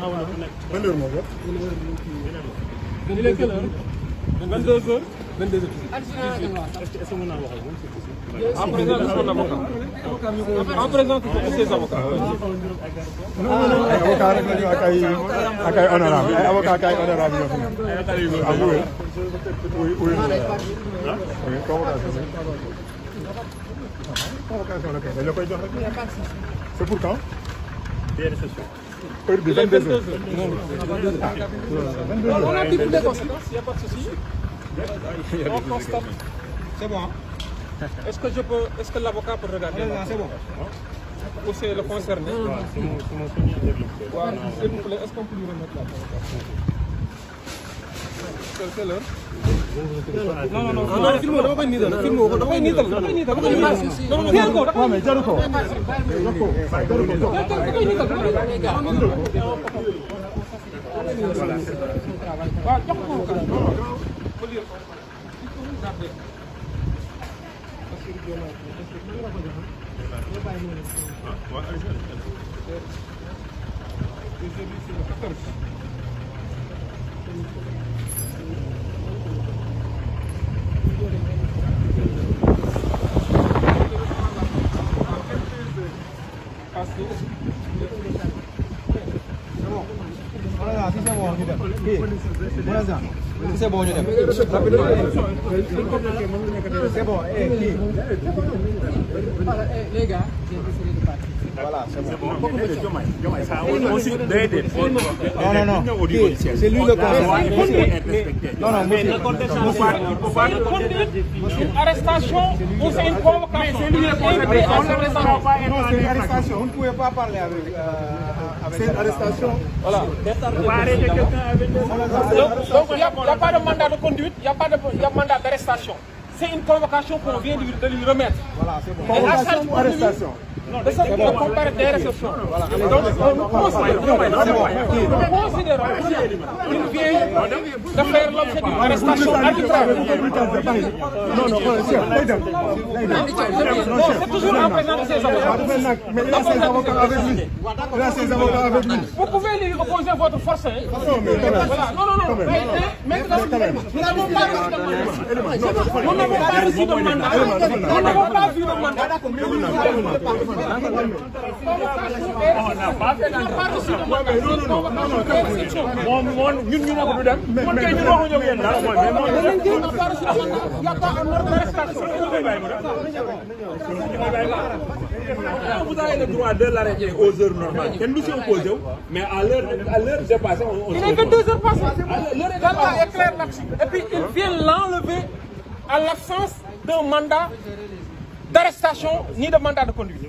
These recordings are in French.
ban heure moo ko. il est quelle heure. vingt deux heures. vingt deux heures. en présence de son avocat. en présence de ses avocats. non non ay avocat rek lañu ak ay ak ay honorable ay avocat ak ay honorable ñoo fi. ah oui. oui oui. ok convocation bi. convocation la kay dañ la koy jox rek. c'est pour quand. bien réception. heure bi 22 heures. on a dit pour les conséquences, il n'y a pas de souci. On constate. C'est bon. Est-ce que je peux, est-ce que l'avocat peut regarder Non, c'est bon. Ou c'est le concerné C'est mon, c'est mon S'il vous plaît, est-ce qu'on peut lui remettre la là C'est l'heure non non non film dama koy niital film ko dama koy niital dama koy niital dama koy niital ko dama koy jaru ko Thank you. Você é bom, Juliano. É Você é bom. É, aqui. Olha, é, é legal. Gente, é seria do parque. Voilà, c'est bon. Non, non, non. C'est lui le candidat. Non, non, Une arrestation ou c'est une convocation C'est lui arrestation. Vous ne pouvez pas parler avec. Euh, c'est une arrestation. Voilà. Donc, il n'y a pas de mandat de conduite, il n'y a pas de mandat d'arrestation. C'est une convocation qu'on vient de lui remettre. Voilà, c'est bon. Convocation ou arrestation Essa aqui é comparedeira, seu senhor. Então, eu não considero. Não considero. Ele vem da feira lá, você tem uma prestação arbitrária. Não, não, não, Não Você Não en Não de Não avocats. Não il Não a Não avocats Não lui. Não y a ses Não avec Não Vous Não lui Não votre Não Hein? Não mais Não Non, Não non. Não mais, Não nous Não pas Não de Não Nous Não pas Não de Não Nous Não pas Não de Não on n'a pas vous avez le droit de l'arrêter aux heures normales mais à l'heure heures passées et puis il vient l'enlever à l'absence d'un mandat d'arrestation ni de mandat de conduite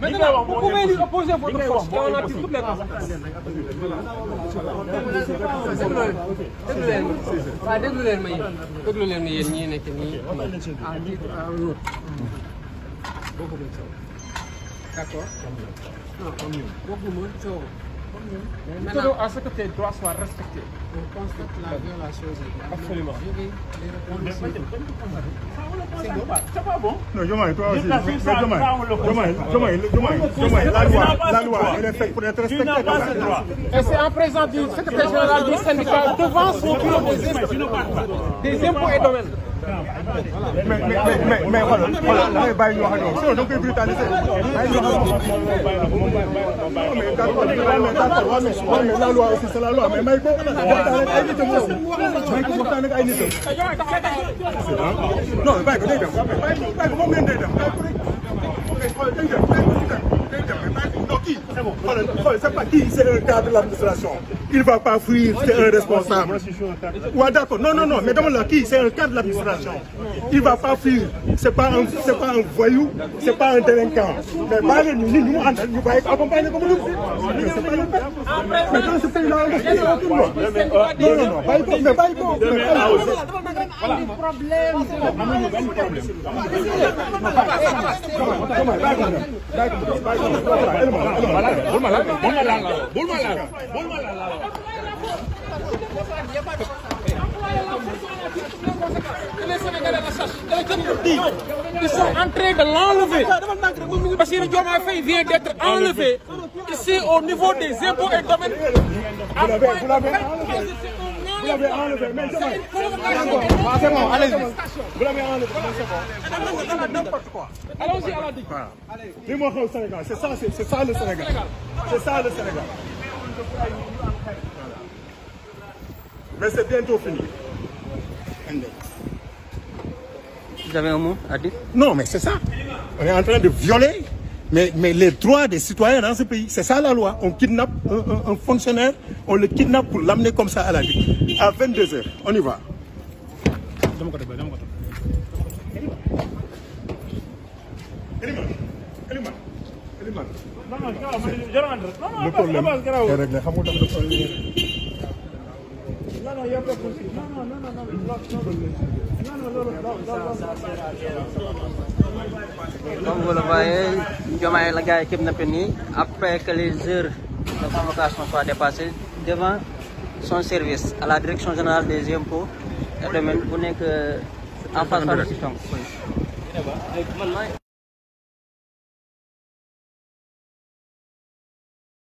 Maintenant, vous pouvez lui opposer votre force. On a toutes les waaw déglu leen ma yéen déglu leen ma yéen ñii nekk nii ah non. bokkuma coow. d'accord. non bokkuma coow. à ce que tes droits soient respectés. la violation Absolument. C'est pas bon Non, la loi, elle est faite pour être respectée. Et c'est en présence du secrétaire général du syndicat devant son bureau des et domaines. mais mais mais xoolal xoolal da ngay bàyyi ñu wax ak yow sinon da nga koy brutalisé bàyyi ñu wax ak yow mais d'accord waaw mais la loi aussi c'est la loi mais may ko waxtaan ak ay nitam aussi may ko waxtaan ak ay nitam non bàyyi ko day dem bàyyi ko moom ngeen day dem bàyyi ko rek C'est pas qui, c'est un cadre de l'administration. Il va pas fuir, c'est un responsable. Non, non, non, mais là qui C'est un cadre de l'administration. Il va pas fuir. C'est pas, un voyou, c'est pas un délinquant. Mais nous, nous, nous, nous, comme nous. c'est pas Non, voilà problème amuñu benn problème. bul ma laal bul ma laal bul ma laal bul ma laal. les Sénégalais la chassent. Ils sont en train de l'enlever. Bassirou Diomaye Faye vient d'être enlevé ici au niveau des impôts et domaines. l'avez enlevé, mais c'est bon. Ah, c'est bon, allez-y. Vous l'avez enlevé, c'est bon. N'importe quoi. Allons-y à la digue. Dis-moi au Sénégal, c'est ça, c'est ça le Sénégal. C'est ça le Sénégal. Mais c'est bientôt fini. Vous avez un mot à dire Non, mais c'est ça. On est en train de violer mais, les droits des citoyens dans ce pays, c'est ça la loi. On kidnappe un, fonctionnaire, on le kidnappe pour l'amener comme ça à la vie. À 22h, on y va non, Comme vous le voyez, la après que les heures de convocation soient dépassées devant son service à la direction générale des impôts et non non en face